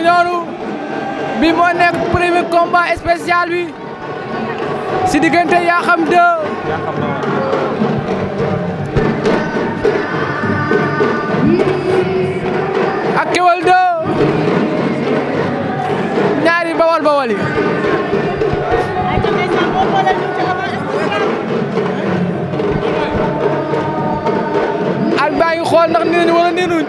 ngi noonu bi moo nekk premier combat spécial bi si diggante Yakham 2 ak Keweul 2 ñaari bawal bawal yi at ngi xool ndax nii nañu wala nuñ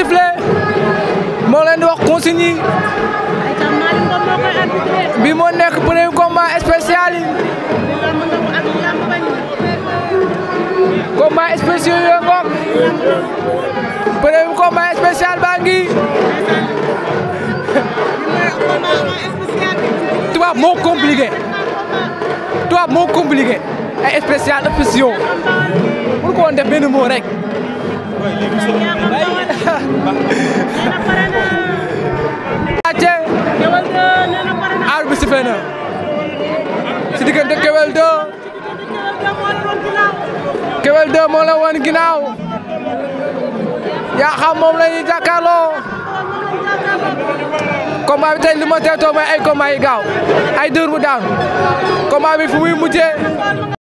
sifflé moo leen di wax consigne yi bi moo nekk premier combat spécial yi combat spécial yo ngoog premier combat spécial baa ngi tubaab moo compliqué tubaab moo compliqué ay spécial spéciaux pour ko woon def benn mot Athie aar bi sifflé na si diggante Keweul 2 Keweul 2 moo la woon ginnaaw yaa xam moom la ñuy jàkkaarloo combat bi tey li ma teetoo mooy ay combat yi gaaw ay dër bu daanu combat bi fu muy mujjee